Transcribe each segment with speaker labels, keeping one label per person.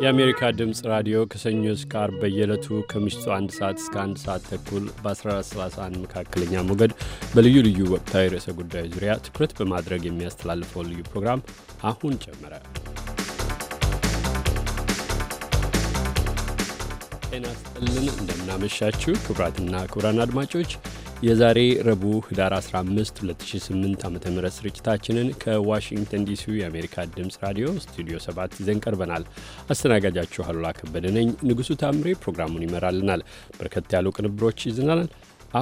Speaker 1: የአሜሪካ ድምፅ ራዲዮ ከሰኞ እስከ ዓርብ በየዕለቱ ከምሽቱ አንድ ሰዓት እስከ አንድ ሰዓት ተኩል በ1431 መካከለኛ ሞገድ በልዩ ልዩ ወቅታዊ ርዕሰ ጉዳዮች ዙሪያ ትኩረት በማድረግ የሚያስተላልፈውን ልዩ ፕሮግራም አሁን ጀመረ። ጤና ይስጥልን፣ እንደምናመሻችሁ ክቡራትና ክቡራን አድማጮች የዛሬ ረቡዕ ህዳር 15 2008 ዓ ም ስርጭታችንን ከዋሽንግተን ዲሲ የአሜሪካ ድምፅ ራዲዮ ስቱዲዮ 7 ይዘን ቀርበናል። አስተናጋጃችሁ አሉላ ከበደ ነኝ። ንጉሡ ታምሬ ፕሮግራሙን ይመራልናል። በርከት ያሉ ቅንብሮች ይዘናል።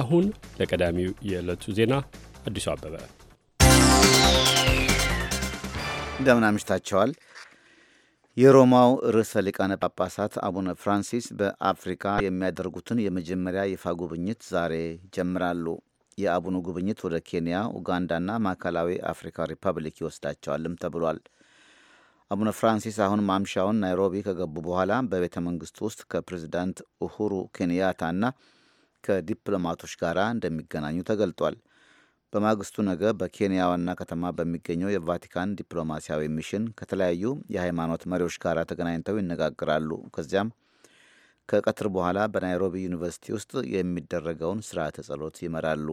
Speaker 1: አሁን
Speaker 2: ለቀዳሚው የዕለቱ ዜና አዲሱ አበበ እንደምን አምሽታቸዋል። የሮማው ርዕሰ ሊቃነ ጳጳሳት አቡነ ፍራንሲስ በአፍሪካ የሚያደርጉትን የመጀመሪያ ይፋ ጉብኝት ዛሬ ይጀምራሉ። የአቡኑ ጉብኝት ወደ ኬንያ፣ ኡጋንዳና ማዕከላዊ አፍሪካ ሪፐብሊክ ይወስዳቸዋልም ተብሏል። አቡነ ፍራንሲስ አሁን ማምሻውን ናይሮቢ ከገቡ በኋላ በቤተ መንግስት ውስጥ ከፕሬዚዳንት ኡሁሩ ኬንያታና ከዲፕሎማቶች ጋር እንደሚገናኙ ተገልጧል። በማግስቱ ነገ በኬንያ ዋና ከተማ በሚገኘው የቫቲካን ዲፕሎማሲያዊ ሚሽን ከተለያዩ የሃይማኖት መሪዎች ጋር ተገናኝተው ይነጋግራሉ። ከዚያም ከቀትር በኋላ በናይሮቢ ዩኒቨርሲቲ ውስጥ የሚደረገውን ስርዓተ ጸሎት ይመራሉ።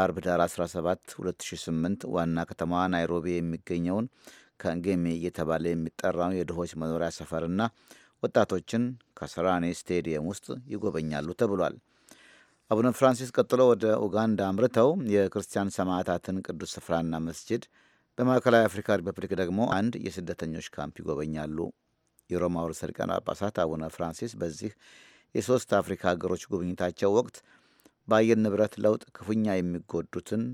Speaker 2: አርብ ዳር 17 2008 ዋና ከተማዋ ናይሮቢ የሚገኘውን ከንጌሜ እየተባለ የሚጠራው የድሆች መኖሪያ ሰፈርና ወጣቶችን ከሰራኔ ስቴዲየም ውስጥ ይጎበኛሉ ተብሏል። አቡነ ፍራንሲስ ቀጥሎ ወደ ኡጋንዳ አምርተው የክርስቲያን ሰማዕታትን ቅዱስ ስፍራና መስጅድ፣ በማዕከላዊ አፍሪካ ሪፐብሊክ ደግሞ አንድ የስደተኞች ካምፕ ይጎበኛሉ። የሮማ ርዕሰ ሊቃነ ጳጳሳት አቡነ ፍራንሲስ በዚህ የሶስት አፍሪካ ሀገሮች ጉብኝታቸው ወቅት በአየር ንብረት ለውጥ ክፉኛ የሚጎዱትን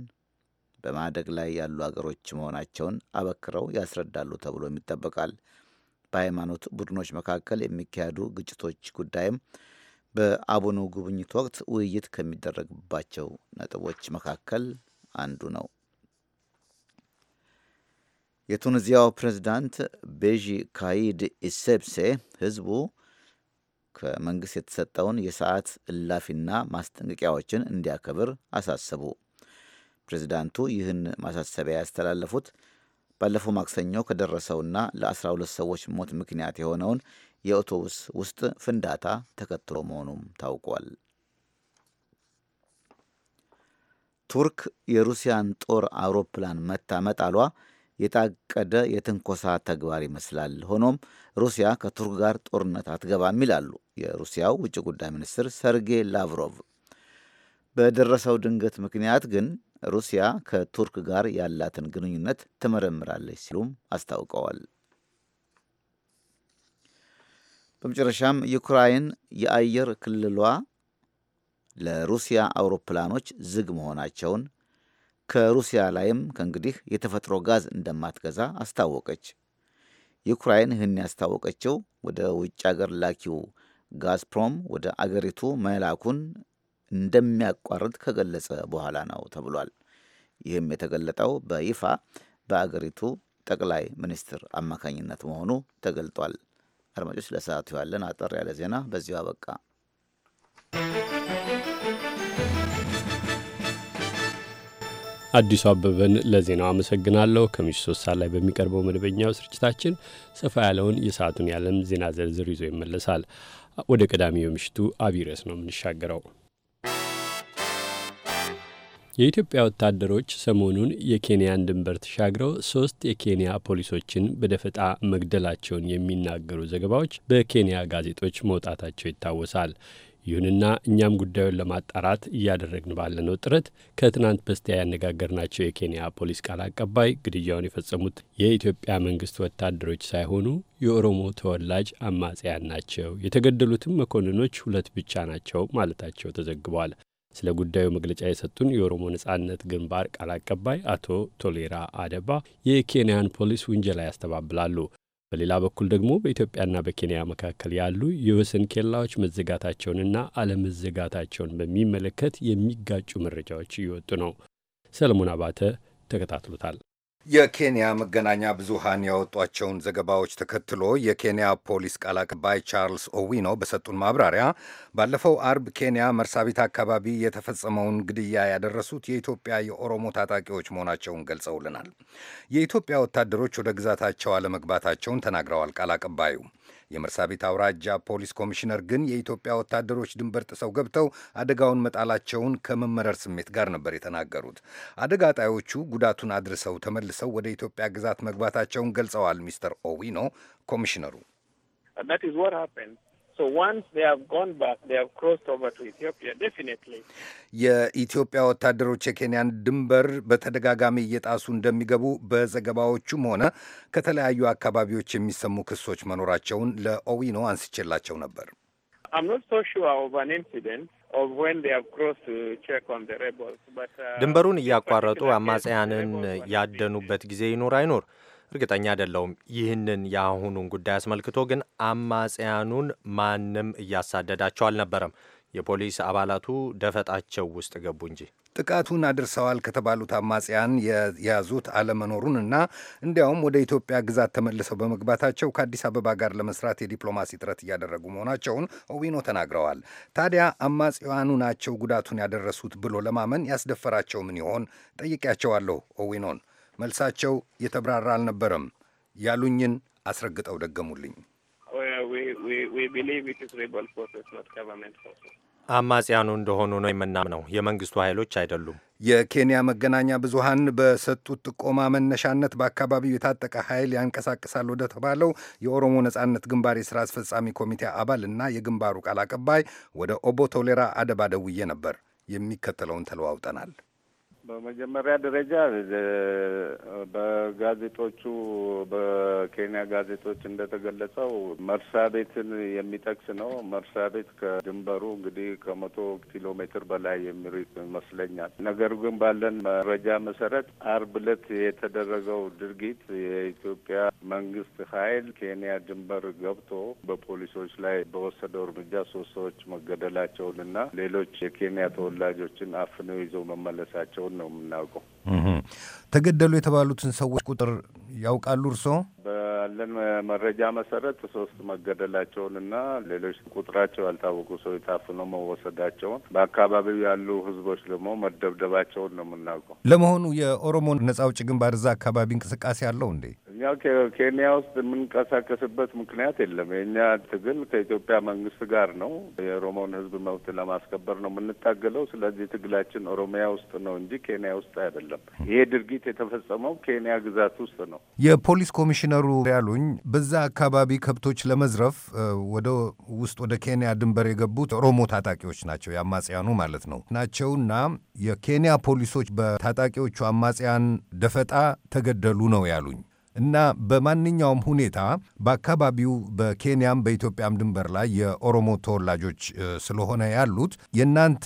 Speaker 2: በማደግ ላይ ያሉ አገሮች መሆናቸውን አበክረው ያስረዳሉ ተብሎም ይጠበቃል። በሃይማኖት ቡድኖች መካከል የሚካሄዱ ግጭቶች ጉዳይም በአቡኑ ጉብኝት ወቅት ውይይት ከሚደረግባቸው ነጥቦች መካከል አንዱ ነው። የቱኒዚያው ፕሬዝዳንት ቤዢ ካይድ ኢሴብሴ ህዝቡ ከመንግሥት የተሰጠውን የሰዓት እላፊና ማስጠንቀቂያዎችን እንዲያከብር አሳሰቡ። ፕሬዝዳንቱ ይህን ማሳሰቢያ ያስተላለፉት ባለፈው ማክሰኞ ከደረሰውና ለ12 ሰዎች ሞት ምክንያት የሆነውን የአውቶቡስ ውስጥ ፍንዳታ ተከትሎ መሆኑም ታውቋል። ቱርክ የሩሲያን ጦር አውሮፕላን መታ መጣሏ የታቀደ የትንኮሳ ተግባር ይመስላል። ሆኖም ሩሲያ ከቱርክ ጋር ጦርነት አትገባም ይላሉ የሩሲያው ውጭ ጉዳይ ሚኒስትር ሰርጌይ ላቭሮቭ። በደረሰው ድንገት ምክንያት ግን ሩሲያ ከቱርክ ጋር ያላትን ግንኙነት ትመረምራለች ሲሉም አስታውቀዋል። በመጨረሻም ዩክራይን የአየር ክልሏ ለሩሲያ አውሮፕላኖች ዝግ መሆናቸውን ከሩሲያ ላይም ከእንግዲህ የተፈጥሮ ጋዝ እንደማትገዛ አስታወቀች። ዩክራይን ይህን ያስታወቀችው ወደ ውጭ አገር ላኪው ጋዝፕሮም ወደ አገሪቱ መላኩን እንደሚያቋርጥ ከገለጸ በኋላ ነው ተብሏል። ይህም የተገለጠው በይፋ በአገሪቱ ጠቅላይ ሚኒስትር አማካኝነት መሆኑ ተገልጧል። አድማጮች፣ ለሰዓቱ ያለን አጠር ያለ ዜና በዚሁ አበቃ።
Speaker 1: አዲሱ አበበን ለዜናው አመሰግናለሁ። ከምሽቱ ሶስት ሰዓት ላይ በሚቀርበው መደበኛው ስርጭታችን ሰፋ ያለውን የሰዓቱን የዓለም ዜና ዝርዝር ይዞ ይመለሳል። ወደ ቀዳሚው የምሽቱ አብይ ርዕስ ነው የምንሻገረው። የኢትዮጵያ ወታደሮች ሰሞኑን የኬንያን ድንበር ተሻግረው ሶስት የኬንያ ፖሊሶችን በደፈጣ መግደላቸውን የሚናገሩ ዘገባዎች በኬንያ ጋዜጦች መውጣታቸው ይታወሳል። ይሁንና እኛም ጉዳዩን ለማጣራት እያደረግን ባለነው ጥረት ከትናንት በስቲያ ያነጋገርናቸው የኬንያ ፖሊስ ቃል አቀባይ ግድያውን የፈጸሙት የኢትዮጵያ መንግስት ወታደሮች ሳይሆኑ የኦሮሞ ተወላጅ አማጽያን ናቸው፣ የተገደሉትም መኮንኖች ሁለት ብቻ ናቸው ማለታቸው ተዘግቧል። ስለ ጉዳዩ መግለጫ የሰጡን የኦሮሞ ነጻነት ግንባር ቃል አቀባይ አቶ ቶሌራ አደባ የኬንያን ፖሊስ ውንጀላ ያስተባብላሉ። በሌላ በኩል ደግሞ በኢትዮጵያና በኬንያ መካከል ያሉ የወሰን ኬላዎች መዘጋታቸውንና አለመዘጋታቸውን በሚመለከት የሚጋጩ መረጃዎች እየወጡ ነው። ሰለሞን አባተ ተከታትሎታል።
Speaker 3: የኬንያ መገናኛ ብዙሃን ያወጧቸውን ዘገባዎች ተከትሎ የኬንያ ፖሊስ ቃል አቀባይ ቻርልስ ኦዊኖ በሰጡን ማብራሪያ ባለፈው አርብ ኬንያ መርሳቢት አካባቢ የተፈጸመውን ግድያ ያደረሱት የኢትዮጵያ የኦሮሞ ታጣቂዎች መሆናቸውን ገልጸውልናል። የኢትዮጵያ ወታደሮች ወደ ግዛታቸው አለመግባታቸውን ተናግረዋል ቃል አቀባዩ የመርሳቤት አውራጃ ፖሊስ ኮሚሽነር ግን የኢትዮጵያ ወታደሮች ድንበር ጥሰው ገብተው አደጋውን መጣላቸውን ከመመረር ስሜት ጋር ነበር የተናገሩት። አደጋ ጣዮቹ ጉዳቱን አድርሰው ተመልሰው ወደ ኢትዮጵያ ግዛት መግባታቸውን ገልጸዋል። ሚስተር ኦዊኖ ኮሚሽነሩ የኢትዮጵያ ወታደሮች የኬንያን ድንበር በተደጋጋሚ እየጣሱ እንደሚገቡ በዘገባዎቹም ሆነ ከተለያዩ አካባቢዎች የሚሰሙ ክሶች መኖራቸውን ለኦዊኖ አንስቼላቸው
Speaker 4: ነበር። uh, uh, ድንበሩን እያቋረጡ
Speaker 5: አማጽያንን ያደኑበት ጊዜ ይኖር አይኖር እርግጠኛ አይደለውም። ይህንን የአሁኑን ጉዳይ አስመልክቶ ግን አማጽያኑን ማንም እያሳደዳቸው አልነበረም። የፖሊስ አባላቱ ደፈጣቸው ውስጥ ገቡ እንጂ
Speaker 3: ጥቃቱን አድርሰዋል ከተባሉት አማጽያን የያዙት አለመኖሩን እና እንዲያውም ወደ ኢትዮጵያ ግዛት ተመልሰው በመግባታቸው ከአዲስ አበባ ጋር ለመስራት የዲፕሎማሲ ጥረት እያደረጉ መሆናቸውን ኦዊኖ ተናግረዋል። ታዲያ አማጽያኑ ናቸው ጉዳቱን ያደረሱት ብሎ ለማመን ያስደፈራቸው ምን ይሆን? ጠይቄያቸዋለሁ ኦዊኖን። መልሳቸው የተብራራ አልነበረም። ያሉኝን አስረግጠው ደገሙልኝ።
Speaker 5: አማጽያኑ እንደሆኑ ነው የምናምነው፣ የመንግስቱ ኃይሎች አይደሉም።
Speaker 3: የኬንያ መገናኛ ብዙሃን በሰጡት ጥቆማ መነሻነት በአካባቢው የታጠቀ ኃይል ያንቀሳቅሳል ወደ ተባለው የኦሮሞ ነጻነት ግንባር የሥራ አስፈጻሚ ኮሚቴ አባል እና የግንባሩ ቃል አቀባይ ወደ ኦቦ ቶሌራ አደባ ደውዬ ነበር። የሚከተለውን ተለዋውጠናል።
Speaker 4: በመጀመሪያ ደረጃ በጋዜጦቹ በኬንያ ጋዜጦች እንደተገለጸው መርሳ ቤትን የሚጠቅስ ነው። መርሳ ቤት ከድንበሩ እንግዲህ ከመቶ ኪሎ ሜትር በላይ የሚርቅ ይመስለኛል። ነገር ግን ባለን መረጃ መሰረት አርብ ዕለት የተደረገው ድርጊት የኢትዮጵያ መንግስት ኃይል ኬንያ ድንበር ገብቶ በፖሊሶች ላይ በወሰደው እርምጃ ሶስት ሰዎች መገደላቸውንና ሌሎች የኬንያ ተወላጆችን አፍነው ይዘው መመለሳቸውን ነው የምናውቀው።
Speaker 3: ተገደሉ የተባሉትን ሰዎች ቁጥር ያውቃሉ እርስዎ?
Speaker 4: ባለን መረጃ መሰረት ሶስት መገደላቸውንና ሌሎች ቁጥራቸው ያልታወቁ ሰዎች ታፍኖ መወሰዳቸውን በአካባቢው ያሉ ህዝቦች ደግሞ መደብደባቸውን ነው የምናውቀው።
Speaker 3: ለመሆኑ የኦሮሞ ነጻ አውጪ ግንባር እዛ አካባቢ እንቅስቃሴ አለው እንዴ?
Speaker 4: እኛ ኬንያ ውስጥ የምንቀሳቀስበት ምክንያት የለም። የእኛ ትግል ከኢትዮጵያ መንግስት ጋር ነው። የኦሮሞውን ህዝብ መብት ለማስከበር ነው የምንታገለው። ስለዚህ ትግላችን ኦሮሚያ ውስጥ ነው እንጂ ኬንያ ውስጥ አይደለም። ይሄ ድርጊት የተፈጸመው ኬንያ ግዛት ውስጥ ነው።
Speaker 3: የፖሊስ ኮሚሽነሩ ያሉኝ በዛ አካባቢ ከብቶች ለመዝረፍ ወደ ውስጥ ወደ ኬንያ ድንበር የገቡት ኦሮሞ ታጣቂዎች ናቸው፣ የአማጽያኑ ማለት ነው ናቸውና የኬንያ ፖሊሶች በታጣቂዎቹ አማጽያን ደፈጣ ተገደሉ ነው ያሉኝ። እና በማንኛውም ሁኔታ በአካባቢው በኬንያም በኢትዮጵያም ድንበር ላይ የኦሮሞ ተወላጆች ስለሆነ ያሉት የእናንተ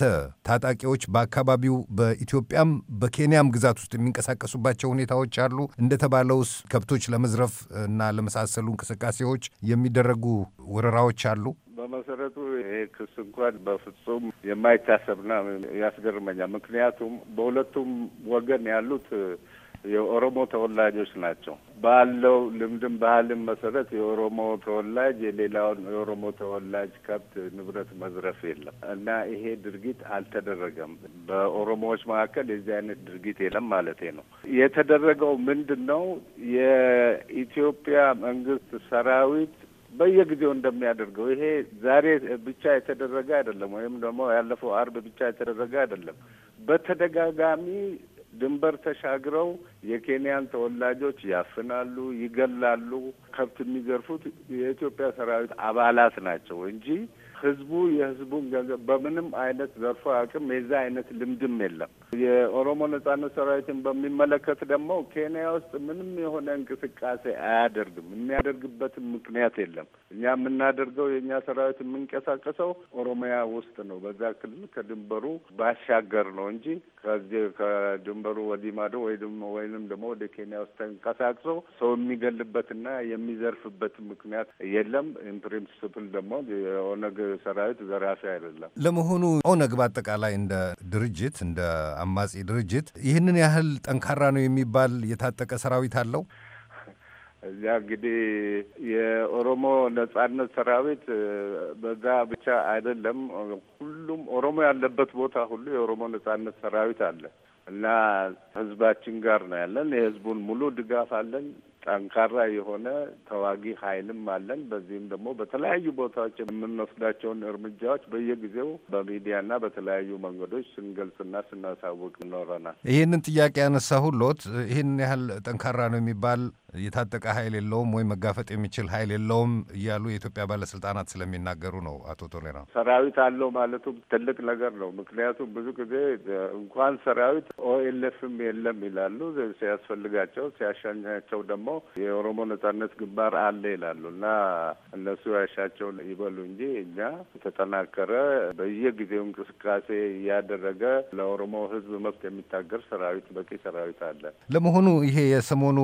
Speaker 3: ታጣቂዎች በአካባቢው በኢትዮጵያም በኬንያም ግዛት ውስጥ የሚንቀሳቀሱባቸው ሁኔታዎች አሉ። እንደተባለውስ ከብቶች ለመዝረፍ እና ለመሳሰሉ እንቅስቃሴዎች የሚደረጉ ወረራዎች አሉ።
Speaker 4: በመሰረቱ ይሄ ክስ እንኳን በፍጹም የማይታሰብና ያስገርመኛል። ምክንያቱም በሁለቱም ወገን ያሉት የኦሮሞ ተወላጆች ናቸው። ባለው ልምድም ባህልም መሰረት የኦሮሞ ተወላጅ የሌላውን የኦሮሞ ተወላጅ ከብት ንብረት መዝረፍ የለም እና ይሄ ድርጊት አልተደረገም። በኦሮሞዎች መካከል የዚህ አይነት ድርጊት የለም ማለት ነው። የተደረገው ምንድን ነው? የኢትዮጵያ መንግስት ሰራዊት በየጊዜው እንደሚያደርገው ይሄ ዛሬ ብቻ የተደረገ አይደለም፣ ወይም ደግሞ ያለፈው አርብ ብቻ የተደረገ አይደለም። በተደጋጋሚ ድንበር ተሻግረው የኬንያን ተወላጆች ያፍናሉ፣ ይገላሉ። ከብት የሚገርፉት የኢትዮጵያ ሰራዊት አባላት ናቸው እንጂ ህዝቡ የህዝቡን ገንዘብ በምንም አይነት ዘርፎ አቅም የዛ አይነት ልምድም የለም። የኦሮሞ ነጻነት ሰራዊትን በሚመለከት ደግሞ ኬንያ ውስጥ ምንም የሆነ እንቅስቃሴ አያደርግም። የሚያደርግበትም ምክንያት የለም። እኛ የምናደርገው የእኛ ሰራዊት የምንቀሳቀሰው ኦሮሚያ ውስጥ ነው፣ በዛ ክልል ከድንበሩ ባሻገር ነው እንጂ ከዚህ ከድንበሩ ወዲህ ማዶ ወይንም ደግሞ ወደ ኬንያ ውስጥ ተንቀሳቅሶ ሰው የሚገልበትና የሚዘርፍበት ምክንያት የለም። ኢንፕሪንስፕል ደግሞ የኦነግ ሰራዊት ዘራፊ አይደለም።
Speaker 3: ለመሆኑ ኦነግ በአጠቃላይ እንደ ድርጅት እንደ አማጺ ድርጅት ይህንን ያህል ጠንካራ ነው የሚባል የታጠቀ ሰራዊት አለው?
Speaker 4: እዚያ እንግዲህ የኦሮሞ ነጻነት ሰራዊት በዛ ብቻ አይደለም። ሁሉም ኦሮሞ ያለበት ቦታ ሁሉ የኦሮሞ ነጻነት ሰራዊት አለ እና ህዝባችን ጋር ነው ያለን። የህዝቡን ሙሉ ድጋፍ አለን። ጠንካራ የሆነ ተዋጊ ኃይልም አለን። በዚህም ደግሞ በተለያዩ ቦታዎች የምንወስዳቸውን እርምጃዎች በየጊዜው በሚዲያና በተለያዩ መንገዶች ስንገልጽና ስናሳውቅ ይኖረናል።
Speaker 3: ይህንን ጥያቄ ያነሳ ሁሎት ይህን ያህል ጠንካራ ነው የሚባል የታጠቀ ኃይል የለውም ወይም መጋፈጥ የሚችል ኃይል የለውም እያሉ የኢትዮጵያ ባለስልጣናት ስለሚናገሩ ነው። አቶ ቶሌራ
Speaker 4: ሰራዊት አለው ማለቱ ትልቅ ነገር ነው። ምክንያቱም ብዙ ጊዜ እንኳን ሰራዊት ኦኤልኤፍም የለም ይላሉ ሲያስፈልጋቸው፣ ሲያሻኛቸው ደግሞ የኦሮሞ ነጻነት ግንባር አለ ይላሉ እና እነሱ ያሻቸውን ይበሉ እንጂ እኛ የተጠናከረ በየጊዜው እንቅስቃሴ እያደረገ ለኦሮሞ ህዝብ መብት የሚታገር ሰራዊት በቂ ሰራዊት አለ።
Speaker 3: ለመሆኑ ይሄ የሰሞኑ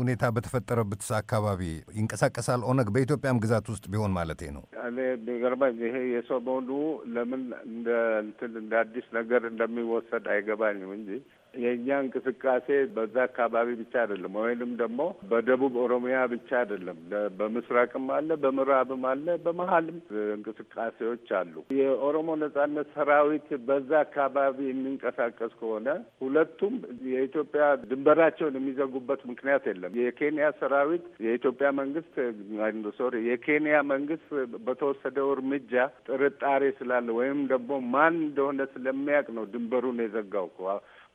Speaker 3: ሁኔታ በተፈጠረበት አካባቢ ይንቀሳቀሳል ኦነግ በኢትዮጵያም ግዛት ውስጥ ቢሆን ማለት ነው።
Speaker 4: እኔ የሚገርመኝ ይሄ የሰሞኑ ለምን እንደ እንትን እንደ አዲስ ነገር እንደሚወሰድ አይገባኝም እንጂ የእኛ እንቅስቃሴ በዛ አካባቢ ብቻ አይደለም፣ ወይንም ደግሞ በደቡብ ኦሮሚያ ብቻ አይደለም። በምስራቅም አለ፣ በምዕራብም አለ፣ በመሀልም እንቅስቃሴዎች አሉ። የኦሮሞ ነጻነት ሰራዊት በዛ አካባቢ የሚንቀሳቀስ ከሆነ ሁለቱም የኢትዮጵያ ድንበራቸውን የሚዘጉበት ምክንያት የለም። የኬንያ ሰራዊት የኢትዮጵያ መንግስት ሶሪ የኬንያ መንግስት በተወሰደው እርምጃ ጥርጣሬ ስላለ ወይም ደግሞ ማን እንደሆነ ስለሚያውቅ ነው ድንበሩን የዘጋው።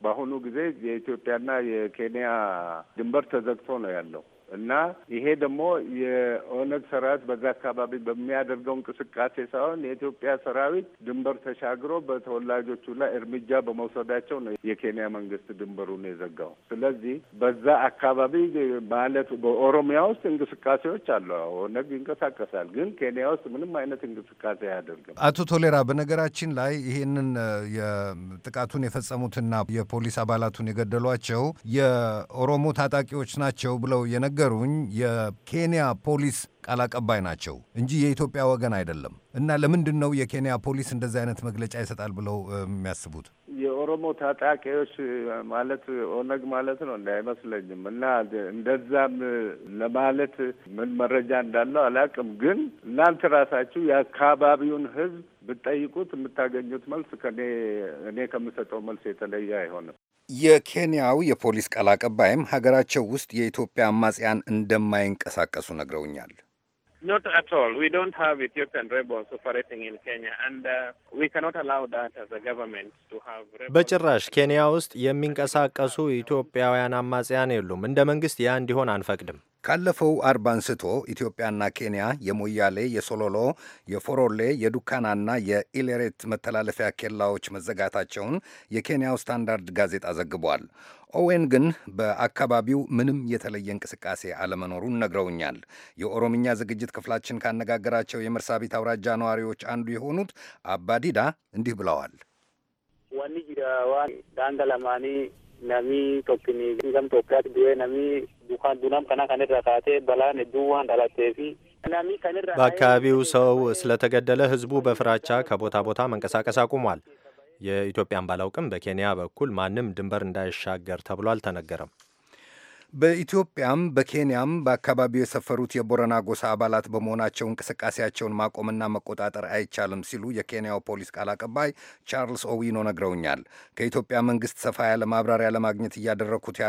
Speaker 4: በአሁኑ ጊዜ የኢትዮጵያና የኬንያ ድንበር ተዘግቶ ነው ያለው። እና ይሄ ደግሞ የኦነግ ሰራዊት በዛ አካባቢ በሚያደርገው እንቅስቃሴ ሳይሆን የኢትዮጵያ ሰራዊት ድንበር ተሻግሮ በተወላጆቹ ላይ እርምጃ በመውሰዳቸው ነው የኬንያ መንግስት ድንበሩን የዘጋው። ስለዚህ በዛ አካባቢ ማለት በኦሮሚያ ውስጥ እንቅስቃሴዎች አሉ። ኦነግ ይንቀሳቀሳል፣ ግን ኬንያ ውስጥ ምንም አይነት እንቅስቃሴ አያደርግም።
Speaker 3: አቶ ቶሌራ፣ በነገራችን ላይ ይህንን ጥቃቱን የፈጸሙትና የፖሊስ አባላቱን የገደሏቸው የኦሮሞ ታጣቂዎች ናቸው ብለው የነገ የነገሩኝ የኬንያ ፖሊስ ቃል አቀባይ ናቸው እንጂ የኢትዮጵያ ወገን አይደለም። እና ለምንድን ነው የኬንያ ፖሊስ እንደዚህ አይነት መግለጫ ይሰጣል ብለው የሚያስቡት?
Speaker 4: የኦሮሞ ታጣቂዎች ማለት ኦነግ ማለት ነው እንደ አይመስለኝም። እና እንደዛም ለማለት ምን መረጃ እንዳለው አላውቅም። ግን እናንተ ራሳችሁ የአካባቢውን ህዝብ ብትጠይቁት የምታገኙት መልስ ከኔ እኔ ከምሰጠው መልስ የተለየ አይሆንም።
Speaker 3: የኬንያው የፖሊስ ቃል አቀባይም ሀገራቸው ውስጥ የኢትዮጵያ አማጽያን እንደማይንቀሳቀሱ ነግረውኛል።
Speaker 4: Not at all. We don't have Ethiopian rebels operating in Kenya and uh, we cannot allow that as a government to have rebels. በጭራሽ
Speaker 5: ኬንያ ውስጥ የሚንቀሳቀሱ ኢትዮጵያውያን አማጽያን የሉም። እንደ መንግስት ያ እንዲሆን አንፈቅድም።
Speaker 3: ካለፈው አርብ አንስቶ ኢትዮጵያና ኬንያ የሞያሌ፣ የሶሎሎ፣ የፎሮሌ፣ የዱካናና የኢሌሬት መተላለፊያ ኬላዎች መዘጋታቸውን የኬንያው ስታንዳርድ ጋዜጣ ዘግቧል። ኦዌን ግን በአካባቢው ምንም የተለየ እንቅስቃሴ አለመኖሩን ነግረውኛል። የኦሮምኛ ዝግጅት ክፍላችን ካነጋገራቸው የመርሳቢት አውራጃ ነዋሪዎች አንዱ የሆኑት አባዲዳ እንዲህ ብለዋል።
Speaker 4: ዋኒ ዳንገላማኒ namni tokkini gam Itoophiyaatti du'ee nami dukaan dunaam kana kan irra kaatee balaan hedduu waan dhalatee fi namni kanirra በአካባቢው
Speaker 5: ሰው ስለተገደለ ህዝቡ በፍራቻ ከቦታ ቦታ መንቀሳቀስ አቁሟል። የኢትዮጵያን ባላውቅም በኬንያ በኩል ማንም ድንበር እንዳይሻገር ተብሎ አልተነገረም።
Speaker 3: በኢትዮጵያም በኬንያም በአካባቢው የሰፈሩት የቦረና ጎሳ አባላት በመሆናቸው እንቅስቃሴያቸውን ማቆምና መቆጣጠር አይቻልም ሲሉ የኬንያው ፖሊስ ቃል አቀባይ ቻርልስ ኦዊኖ ነግረውኛል። ከኢትዮጵያ መንግስት ሰፋ ያለ ማብራሪያ ለማግኘት እያደረግኩት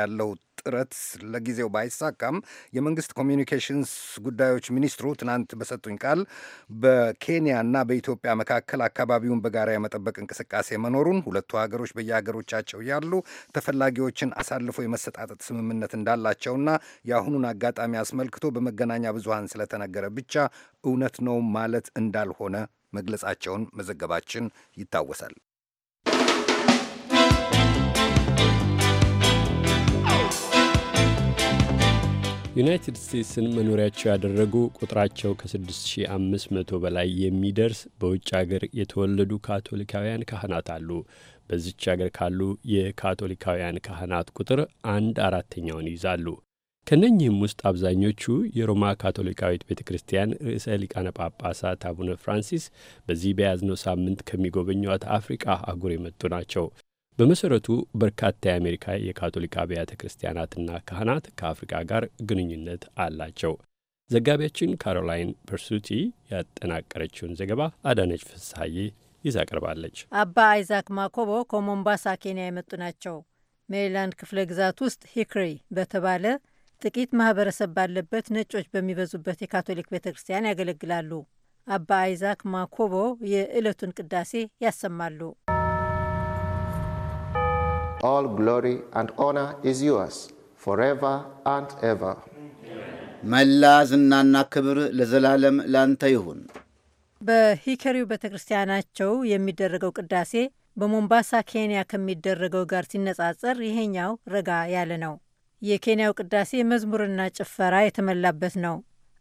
Speaker 3: ያለው ጥረት ለጊዜው ባይሳካም የመንግስት ኮሚኒኬሽንስ ጉዳዮች ሚኒስትሩ ትናንት በሰጡኝ ቃል በኬንያና በኢትዮጵያ መካከል አካባቢውን በጋራ የመጠበቅ እንቅስቃሴ መኖሩን ሁለቱ ሀገሮች በየሀገሮቻቸው ያሉ ተፈላጊዎችን አሳልፎ የመሰጣጠት ስምምነት ስምምነት እንዳላቸውና የአሁኑን አጋጣሚ አስመልክቶ በመገናኛ ብዙሃን ስለተነገረ ብቻ እውነት ነው ማለት እንዳልሆነ መግለጻቸውን መዘገባችን ይታወሳል።
Speaker 1: ዩናይትድ ስቴትስን መኖሪያቸው ያደረጉ ቁጥራቸው ከ6500 በላይ የሚደርስ በውጭ አገር የተወለዱ ካቶሊካውያን ካህናት አሉ። በዚች አገር ካሉ የካቶሊካውያን ካህናት ቁጥር አንድ አራተኛውን ይይዛሉ። ከነኚህም ውስጥ አብዛኞቹ የሮማ ካቶሊካዊት ቤተ ክርስቲያን ርዕሰ ሊቃነ ጳጳሳት አቡነ ፍራንሲስ በዚህ በያዝነው ሳምንት ከሚጎበኟት አፍሪቃ አህጉር የመጡ ናቸው። በመሰረቱ በርካታ የአሜሪካ የካቶሊክ አብያተ ክርስቲያናትና ካህናት ከአፍሪቃ ጋር ግንኙነት አላቸው። ዘጋቢያችን ካሮላይን ፐርሱቲ ያጠናቀረችውን ዘገባ አዳነች ፍስሐዬ ይዛ ቀርባለች።
Speaker 6: አባ አይዛክ ማኮቦ ከሞምባሳ ኬንያ የመጡ ናቸው። ሜሪላንድ ክፍለ ግዛት ውስጥ ሂክሪ በተባለ ጥቂት ማህበረሰብ ባለበት ነጮች በሚበዙበት የካቶሊክ ቤተ ክርስቲያን ያገለግላሉ። አባ አይዛክ ማኮቦ የዕለቱን ቅዳሴ ያሰማሉ።
Speaker 2: ኦል ግሎሪ አንድ ኦና ኢዝ ዩርስ ፎርቨር አንድ ኤቨር። መላ ዝናና ክብር ለዘላለም ላንተ ይሁን።
Speaker 6: በሂከሪው ቤተ ክርስቲያናቸው የሚደረገው ቅዳሴ በሞምባሳ ኬንያ ከሚደረገው ጋር ሲነጻጸር ይሄኛው ረጋ ያለ ነው። የኬንያው ቅዳሴ መዝሙርና ጭፈራ የተመላበት ነው።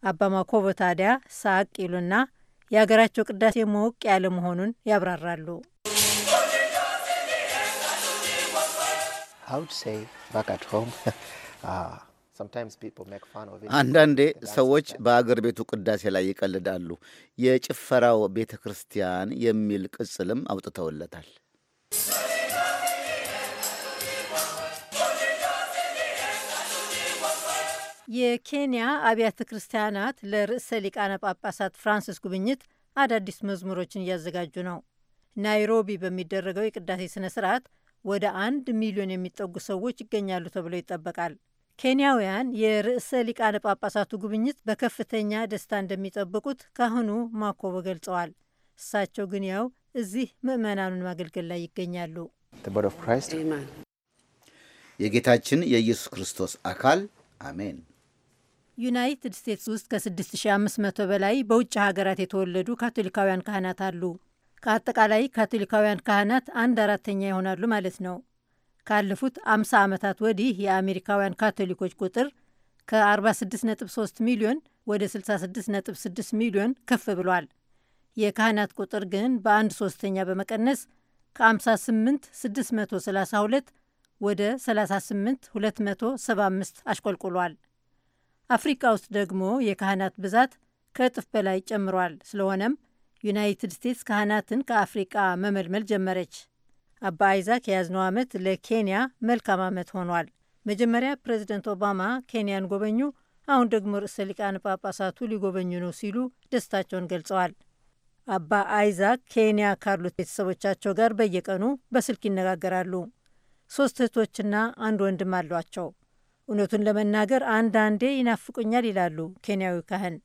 Speaker 6: አባ ማኮቦ ታዲያ ሳቅ ይሉና የአገራቸው ቅዳሴ ሞቅ ያለ መሆኑን ያብራራሉ።
Speaker 2: ah. አንዳንዴ ሰዎች በአገር ቤቱ ቅዳሴ ላይ ይቀልዳሉ። የጭፈራው ቤተ ክርስቲያን የሚል ቅጽልም አውጥተውለታል።
Speaker 6: የኬንያ አብያተ ክርስቲያናት ለርዕሰ ሊቃነ ጳጳሳት ፍራንሲስ ጉብኝት አዳዲስ መዝሙሮችን እያዘጋጁ ነው። ናይሮቢ በሚደረገው የቅዳሴ ስነ ስርዓት ወደ አንድ ሚሊዮን የሚጠጉ ሰዎች ይገኛሉ ተብሎ ይጠበቃል። ኬንያውያን የርዕሰ ሊቃነ ጳጳሳቱ ጉብኝት በከፍተኛ ደስታ እንደሚጠብቁት ካህኑ ማኮቦ ገልጸዋል። እሳቸው ግን ያው እዚህ ምዕመናኑን ማገልገል ላይ ይገኛሉ።
Speaker 2: የጌታችን የኢየሱስ ክርስቶስ አካል አሜን።
Speaker 6: ዩናይትድ ስቴትስ ውስጥ ከ6500 በላይ በውጭ ሀገራት የተወለዱ ካቶሊካውያን ካህናት አሉ። ከአጠቃላይ ካቶሊካውያን ካህናት አንድ አራተኛ ይሆናሉ ማለት ነው። ካለፉት 50 ዓመታት ወዲህ የአሜሪካውያን ካቶሊኮች ቁጥር ከ46.3 ሚሊዮን ወደ 66.6 ሚሊዮን ከፍ ብሏል። የካህናት ቁጥር ግን በአንድ ሶስተኛ በመቀነስ ከ58632 ወደ 38275 አሽቆልቁሏል። አፍሪካ ውስጥ ደግሞ የካህናት ብዛት ከእጥፍ በላይ ጨምሯል። ስለሆነም ዩናይትድ ስቴትስ ካህናትን ከአፍሪቃ መመልመል ጀመረች። አባ አይዛክ የያዝነው ዓመት ለኬንያ መልካም ዓመት ሆኗል። መጀመሪያ ፕሬዚደንት ኦባማ ኬንያን ጎበኙ፣ አሁን ደግሞ ርዕሰ ሊቃነ ጳጳሳቱ ሊጎበኙ ነው ሲሉ ደስታቸውን ገልጸዋል። አባ አይዛክ ኬንያ ካሉት ቤተሰቦቻቸው ጋር በየቀኑ በስልክ ይነጋገራሉ። ሶስት እህቶችና አንድ ወንድም አሏቸው። እውነቱን ለመናገር አንዳንዴ ይናፍቁኛል ይላሉ ኬንያዊ ካህን።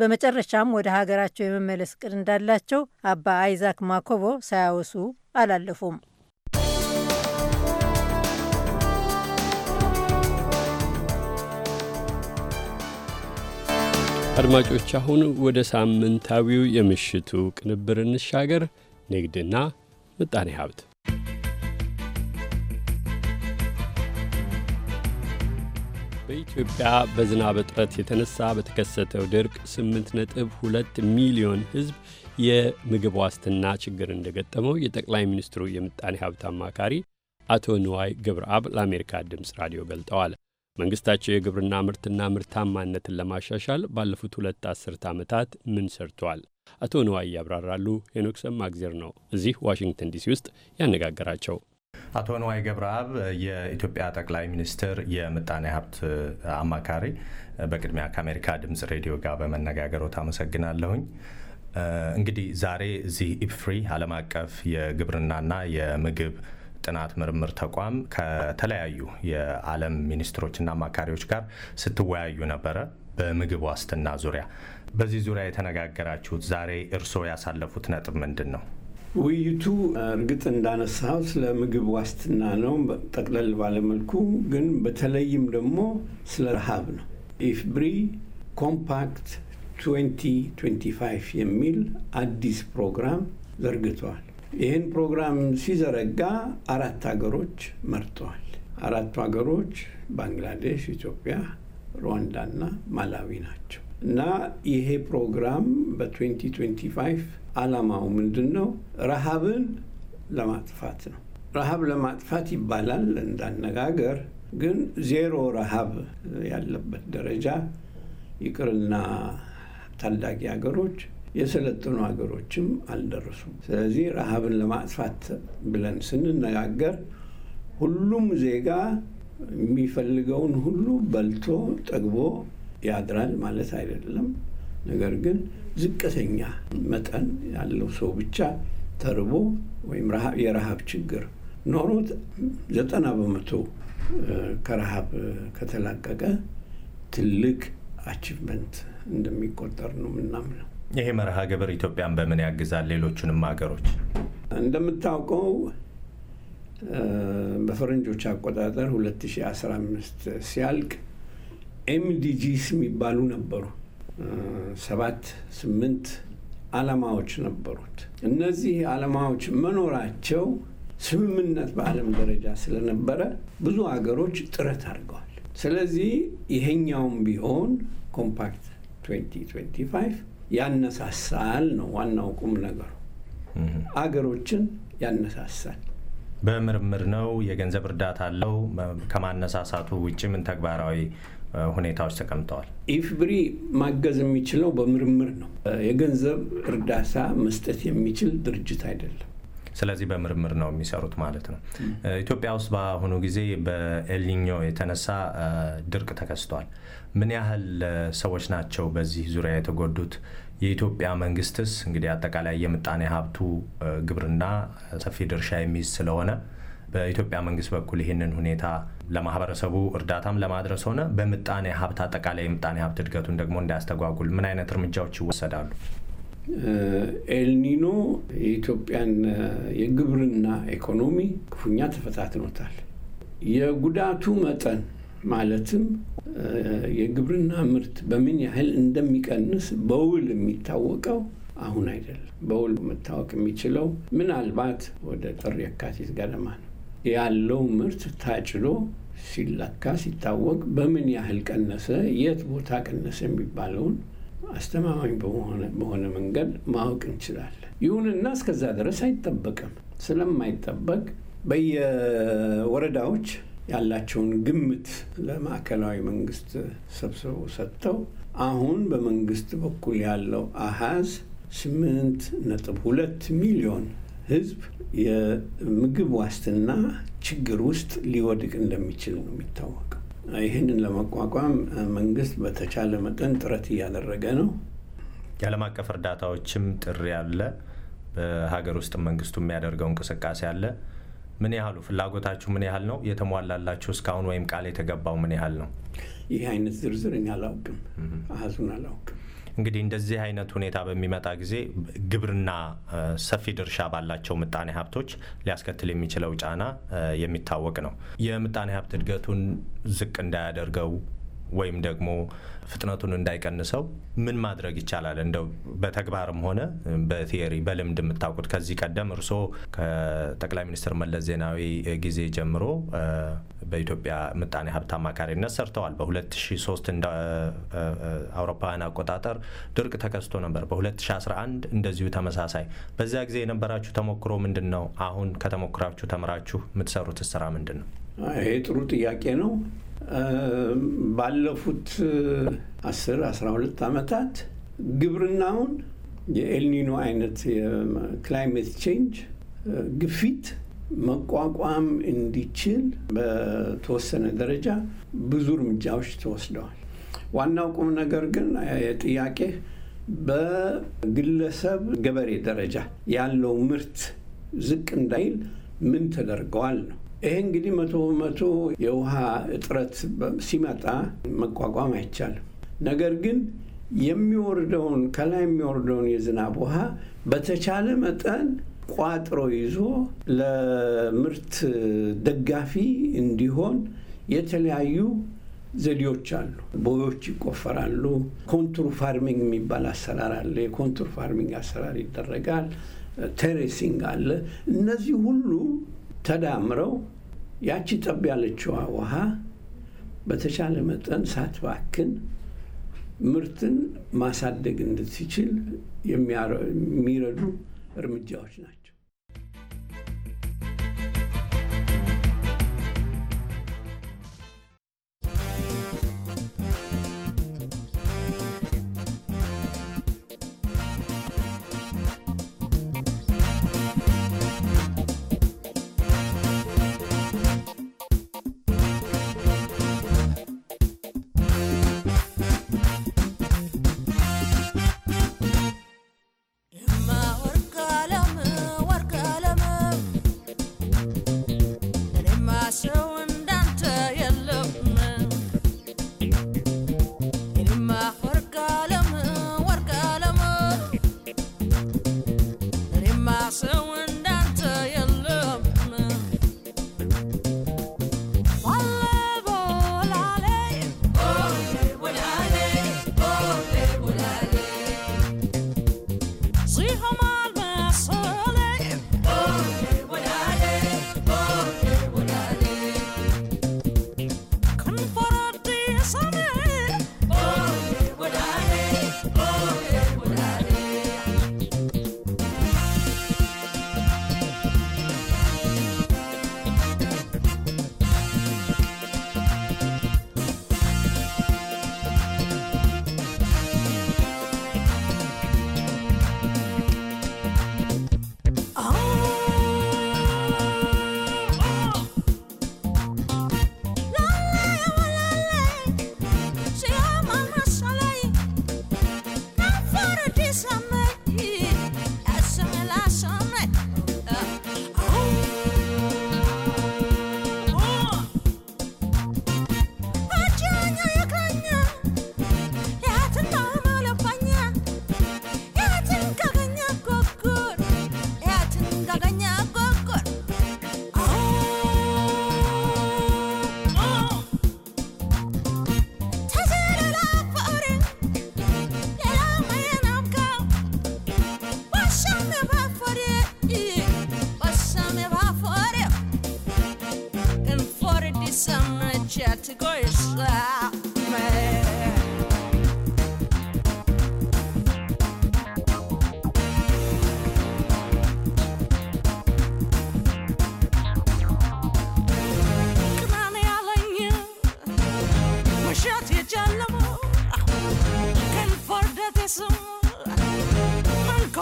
Speaker 6: በመጨረሻም ወደ ሀገራቸው የመመለስ እቅድ እንዳላቸው አባ አይዛክ ማኮቦ ሳያወሱ አላለፉም።
Speaker 1: አድማጮች አሁን ወደ ሳምንታዊው የምሽቱ ቅንብር እንሻገር። ንግድና ምጣኔ ሀብት በኢትዮጵያ በዝናብ እጥረት የተነሳ በተከሰተው ድርቅ 8.2 ሚሊዮን ሕዝብ የምግብ ዋስትና ችግር እንደገጠመው የጠቅላይ ሚኒስትሩ የምጣኔ ሀብት አማካሪ አቶ ንዋይ ገብረአብ ለአሜሪካ ድምፅ ራዲዮ ገልጠዋል። መንግስታቸው የግብርና ምርትና ምርታማነትን ለማሻሻል ባለፉት ሁለት አስርት ዓመታት ምን ሰርቷል? አቶ ንዋይ ያብራራሉ። ሄኖክ ሰማእግዜር ነው እዚህ ዋሽንግተን ዲሲ ውስጥ ያነጋገራቸው።
Speaker 5: አቶ ንዋይ ገብረአብ የኢትዮጵያ ጠቅላይ ሚኒስትር የምጣኔ ሀብት አማካሪ፣ በቅድሚያ ከአሜሪካ ድምፅ ሬዲዮ ጋር በመነጋገሮት አመሰግናለሁኝ። እንግዲህ ዛሬ እዚህ ኢፍሪ ዓለም አቀፍ የግብርናና የምግብ ጥናት ምርምር ተቋም ከተለያዩ የዓለም ሚኒስትሮችና አማካሪዎች ጋር ስትወያዩ ነበረ በምግብ ዋስትና ዙሪያ። በዚህ ዙሪያ የተነጋገራችሁት ዛሬ እርስዎ ያሳለፉት ነጥብ ምንድን ነው?
Speaker 7: ውይይቱ እርግጥ እንዳነሳው ስለ ምግብ ዋስትና ነው ጠቅለል ባለመልኩ፣ ግን በተለይም ደግሞ ስለ ረሃብ ነው። ኢፍብሪ ኮምፓክት 2025 የሚል አዲስ ፕሮግራም ዘርግተዋል። ይህን ፕሮግራም ሲዘረጋ አራት ሀገሮች መርጠዋል። አራቱ ሀገሮች ባንግላዴሽ፣ ኢትዮጵያ፣ ሩዋንዳ እና ማላዊ ናቸው እና ይሄ ፕሮግራም በ2025 አላማው ምንድን ነው? ረሃብን ለማጥፋት ነው። ረሃብ ለማጥፋት ይባላል እንዳነጋገር፣ ግን ዜሮ ረሃብ ያለበት ደረጃ ይቅርና ታዳጊ ሀገሮች የሰለጠኑ ሀገሮችም አልደረሱም። ስለዚህ ረሃብን ለማጥፋት ብለን ስንነጋገር ሁሉም ዜጋ የሚፈልገውን ሁሉ በልቶ ጠግቦ ያድራል ማለት አይደለም። ነገር ግን ዝቅተኛ መጠን ያለው ሰው ብቻ ተርቦ ወይም የረሃብ ችግር ኖሮት ዘጠና በመቶ ከረሃብ ከተላቀቀ ትልቅ አቺቭመንት እንደሚቆጠር ነው የምናምነው።
Speaker 5: ይሄ መርሃ ግብር ኢትዮጵያን በምን ያግዛል? ሌሎቹንም ሀገሮች
Speaker 7: እንደምታውቀው በፈረንጆች አቆጣጠር 2015 ሲያልቅ ኤምዲጂስ የሚባሉ ነበሩ። ሰባት ስምንት አላማዎች ነበሩት። እነዚህ አላማዎች መኖራቸው ስምምነት በዓለም ደረጃ ስለነበረ ብዙ ሀገሮች ጥረት አድርገዋል። ስለዚህ ይሄኛውም ቢሆን ኮምፓክት 2025 ያነሳሳል ነው ዋናው ቁም ነገሩ። አገሮችን ያነሳሳል።
Speaker 5: በምርምር ነው። የገንዘብ እርዳታ አለው። ከማነሳሳቱ ውጭ ምን ተግባራዊ ሁኔታዎች
Speaker 7: ተቀምጠዋል? ኢፍብሪ ማገዝ የሚችለው በምርምር ነው። የገንዘብ እርዳታ መስጠት የሚችል ድርጅት አይደለም።
Speaker 5: ስለዚህ በምርምር ነው የሚሰሩት ማለት ነው። ኢትዮጵያ ውስጥ በአሁኑ ጊዜ በኤልኒኞ የተነሳ ድርቅ ተከስቷል። ምን ያህል ሰዎች ናቸው በዚህ ዙሪያ የተጎዱት? የኢትዮጵያ መንግስትስ እንግዲህ አጠቃላይ የምጣኔ ሀብቱ ግብርና ሰፊ ድርሻ የሚይዝ ስለሆነ በኢትዮጵያ መንግስት በኩል ይህንን ሁኔታ ለማህበረሰቡ እርዳታም ለማድረስ ሆነ በምጣኔ ሀብት አጠቃላይ የምጣኔ ሀብት እድገቱን ደግሞ እንዳያስተጓጉል ምን አይነት እርምጃዎች ይወሰዳሉ?
Speaker 7: ኤልኒኖ የኢትዮጵያን የግብርና ኢኮኖሚ ክፉኛ ተፈታትኖታል። የጉዳቱ መጠን ማለትም የግብርና ምርት በምን ያህል እንደሚቀንስ በውል የሚታወቀው አሁን አይደለም። በውል መታወቅ የሚችለው ምናልባት ወደ ጥር የካቲት ገደማ ነው ያለው ምርት ታጭዶ ሲለካ ሲታወቅ በምን ያህል ቀነሰ፣ የት ቦታ ቀነሰ የሚባለውን አስተማማኝ በሆነ መንገድ ማወቅ እንችላለን። ይሁንና እስከዛ ድረስ አይጠበቅም። ስለማይጠበቅ በየወረዳዎች ያላቸውን ግምት ለማዕከላዊ መንግስት ሰብስበው ሰጥተው አሁን በመንግስት በኩል ያለው አሃዝ ስምንት ነጥብ ሁለት ሚሊዮን ህዝብ የምግብ ዋስትና ችግር ውስጥ ሊወድቅ እንደሚችል ነው የሚታወቀው። ይህንን ለመቋቋም መንግስት በተቻለ መጠን ጥረት እያደረገ ነው።
Speaker 5: የዓለም አቀፍ እርዳታዎችም ጥሪ አለ። በሀገር ውስጥ መንግስቱ የሚያደርገው እንቅስቃሴ አለ። ምን ያህሉ ፍላጎታችሁ ምን ያህል ነው የተሟላላችሁ እስካሁን ወይም ቃል የተገባው ምን ያህል ነው?
Speaker 7: ይህ አይነት ዝርዝር እኔ አላውቅም፣ አሃዙን አላውቅም።
Speaker 5: እንግዲህ እንደዚህ አይነት ሁኔታ በሚመጣ ጊዜ ግብርና ሰፊ ድርሻ ባላቸው ምጣኔ ሀብቶች ሊያስከትል የሚችለው ጫና የሚታወቅ ነው። የምጣኔ ሀብት እድገቱን ዝቅ እንዳያደርገው ወይም ደግሞ ፍጥነቱን እንዳይቀንሰው ምን ማድረግ ይቻላል? እንደው በተግባርም ሆነ በቲዮሪ በልምድ የምታውቁት ከዚህ ቀደም እርስዎ ከጠቅላይ ሚኒስትር መለስ ዜናዊ ጊዜ ጀምሮ በኢትዮጵያ ምጣኔ ሀብት አማካሪነት ሰርተዋል። በ2003 እንደ አውሮፓውያን አቆጣጠር ድርቅ ተከስቶ ነበር። በ2011 እንደዚሁ ተመሳሳይ። በዚያ ጊዜ የነበራችሁ ተሞክሮ ምንድን ነው? አሁን ከተሞክራችሁ ተምራችሁ የምትሰሩት ስራ ምንድን ነው?
Speaker 7: ይሄ ጥሩ ጥያቄ ነው። ባለፉት 10 12 ዓመታት ግብርናውን የኤልኒኖ አይነት የክላይሜት ቼንጅ ግፊት መቋቋም እንዲችል በተወሰነ ደረጃ ብዙ እርምጃዎች ተወስደዋል። ዋናው ቁም ነገር ግን ጥያቄ በግለሰብ ገበሬ ደረጃ ያለው ምርት ዝቅ እንዳይል ምን ተደርገዋል ነው። ይሄ እንግዲህ መቶ በመቶ የውሃ እጥረት ሲመጣ መቋቋም አይቻልም። ነገር ግን የሚወርደውን ከላይ የሚወርደውን የዝናብ ውሃ በተቻለ መጠን ቋጥሮ ይዞ ለምርት ደጋፊ እንዲሆን የተለያዩ ዘዴዎች አሉ። ቦዮች ይቆፈራሉ። ኮንቱር ፋርሚንግ የሚባል አሰራር አለ። የኮንቱር ፋርሚንግ አሰራር ይደረጋል። ቴሬሲንግ አለ። እነዚህ ሁሉ ተዳምረው ያቺ ጠብ ያለችዋ ውሃ በተቻለ መጠን ሳትባክን ምርትን ማሳደግ እንድትችል የሚረዱ እርምጃዎች ናቸው።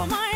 Speaker 6: my